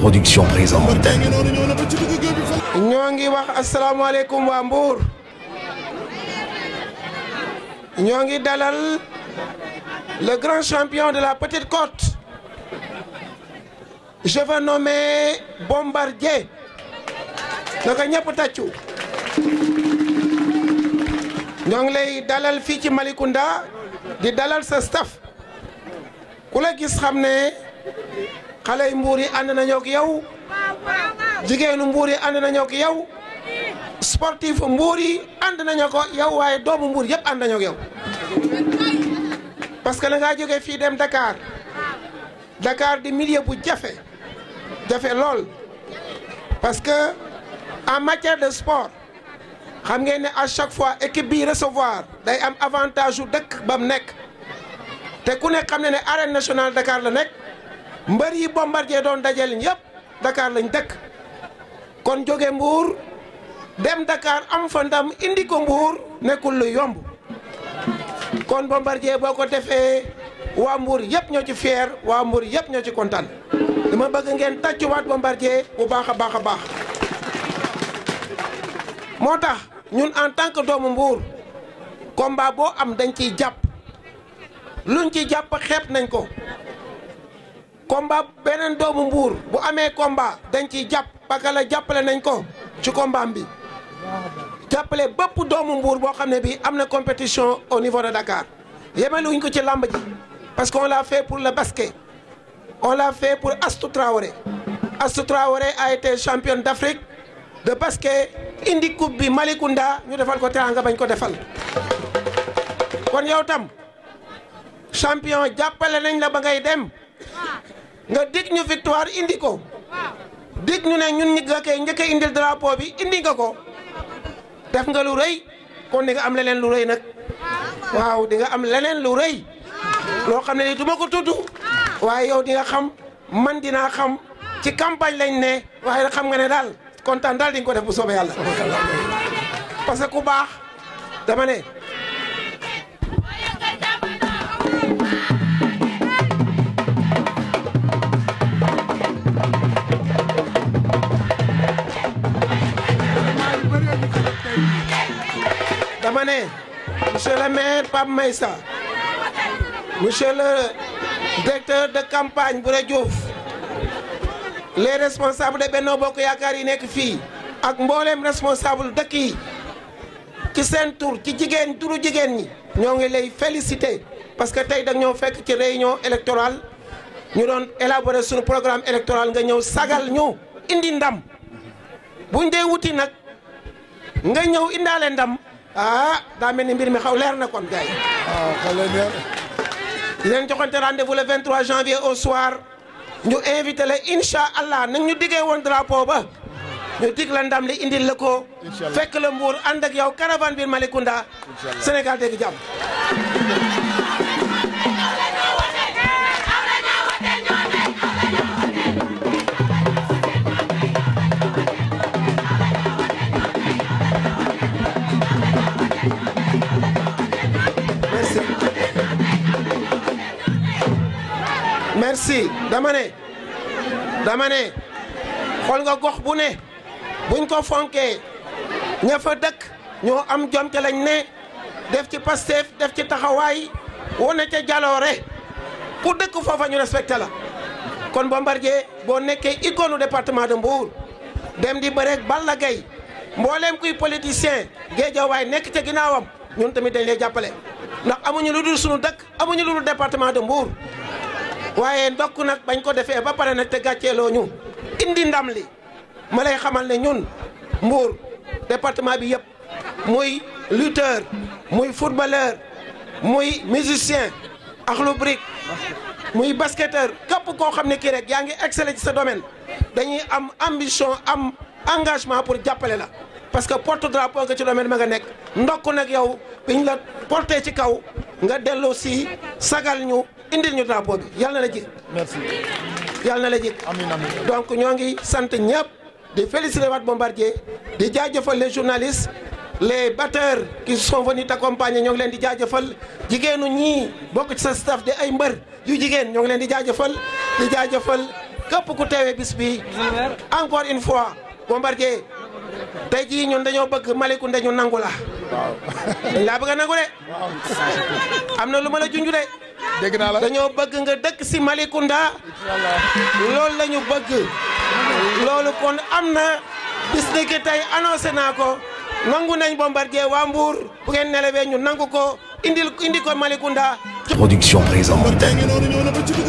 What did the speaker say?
production présente. ñoo ngi wax asalaamaaleykum waa Mbour. ñoo ngi dalal le grand champion de la Petite Côte. je vais nommer Bombardier. naka ñëpp tàccu. ñoo ngi lay dalal fii ci Malicounda di dalal sa staff ku la gis xam ne. xale yi mbuur yi ànd nañoo ak yow jigéenu mbuur yi ànd nañoo ak yow sportif mbuur yi ànd nañoo ko yow waaye doomu mbuur yëpp ànd nañoo ak yow parce que la jóge fii dem dakaar dakaar di milieu bu jafe jafe lool parce que en matière de sport xam ngeen ne à chaque fois équipe bi recevoir day am avantage su dëkk ba mu nekk te ku nekk xam ne ne arène nationale Dakar la nekk. mbër yi bombardier doon dajale ñëpp Dakar lañ dëkk kon jóge Mbour dem Dakar am fa ndam indi ko Mbour nekkul lu yomb kon ba bombardier boo ko defee waa Mbour yëpp ñoo ci fier waa Mbour yëpp ñoo ci kontaan dama bëgg ngeen tàccuwaat bombardier bu baax a baax a baax moo tax ñun en tant que doomu Mbour combat boo am dañ ciy jàpp luñ ci jàpp xeeb nañ ko. combat beneen doomu mbuur bu amee combat dañ ci jàpp Pakala jàppale nañ ko ci combat bi jàppale bépp doomu mbuur boo xam ne bi am na compétition au niveau de Dakar yemeluñ ko ci làmb ji parce que on l'a fait pour le basket on l'a fait pour Astou Traoré Astou Traoré a été championne d'Afrique de basket indi coupe bi Malicounda ñu defal ko teranga bañ ko defal kon yow tam champion jàppale nañ la ba ngay dem nga dig ñu victoire indi ko dig ñu ne ñun ñi nga koy njëkk a indil drapeau bi indi nga ko def nga lu rëy kon di nga am leneen lu rëy nag waaw di am leneen lu rëy loo xam ne lii du ma ko tudd waaye yow di nga xam man dinaa xam ci campagne lañ ne waaye xam nga ne daal kontaan daal di ko def bu soobee yàlla parce que ku baax dama ne. ma ne monsieur le maire Pape Maïssa monsieur le directeur de campagne bu Diouf les responsables de Benno Bokk Yaakaar yi nekk fii ak mbooleem responsable dëkk yi ci seen tur ci jigéen turu jigéen ñi ñoo ngi lay féliciter parce que tey da ñoo fekk ci réunion électoral ñu doon élaborer suñu programme électoral nga ñëw sagal ñu indi ndam buñ dee wuti nag nga ñëw indaale ndam ah daa mel ni mbir mi xaw leer na kon gars yi. waaw ah, xaw leen leer. di leen joxante rendez janvier au soir ñu invité la incha allah nag ñu diggee woon drapeau ba ñu dig ndam li indil la ko. fekk la mbuur ànd ak yow caravane biir Malicounda. Sénégal dégg jàmm. merci dama ne dama ne xool nga gox bu ne buñ ko fonkee ña fa dëkk ñoo am jom te lañ ne def ci Pastef def ci taxawaay wane ca jaloore ku dëkk foofa ñu respecté la kon Bombardier boo nekkee icône département de Mbour dem di bëreeg Balla Gaye mbooleem kuy politicien géejawaay nekk ca ginnaawam ñun tamit dañ lay jàppale ndax amuñu lu dul sunu dëkk amuñu lu dul département de Mbour waaye ndokk nag bañ ko defee ba pare nag te gàcceeloo ñu indi ndam li ma xamal ne ñun Mbour département bi yëpp muy lutteur muy footballeur muy musicien ak lu brique muy basketteur képp koo xam ne kii rek yaa ngi excellé ci sa domaine dañuy am ambition am engagement pour jàppale la parce que porte drapeau nga ci domaine ma nga nekk ndokk nag yow biñ la porté ci kaw nga dellu si sagal indil ñu drapeau bi yàlla na la jik na donc ñoo ngi sant ñëpp di féliciter waat Bombardier di jaajëfal le journalistes les batteurs qui sont venus t'accompagner ñoo ngi leen di jaajëfal jigéenu ñii bokk ci sa staff de ay mbër yu jigéen ñoo ngi leen di jaajëfal di jaajëfal képp ku teewee bis bi encore une fois Bombardier tey jii ñun dañoo bëgg Malicounda ñu nangu la laa bëgg a nangu de am na lu ma la junj de dégg la dañoo bëgg nga dëkk si Malicounda loolu la ñu bëgg loolu kon am na bis ni ki tey annoncé naa ko nangu nañ Bombardier waa Mbour bu ngeen nelawee ñu nangu ko indil indi ko Malicounda production présente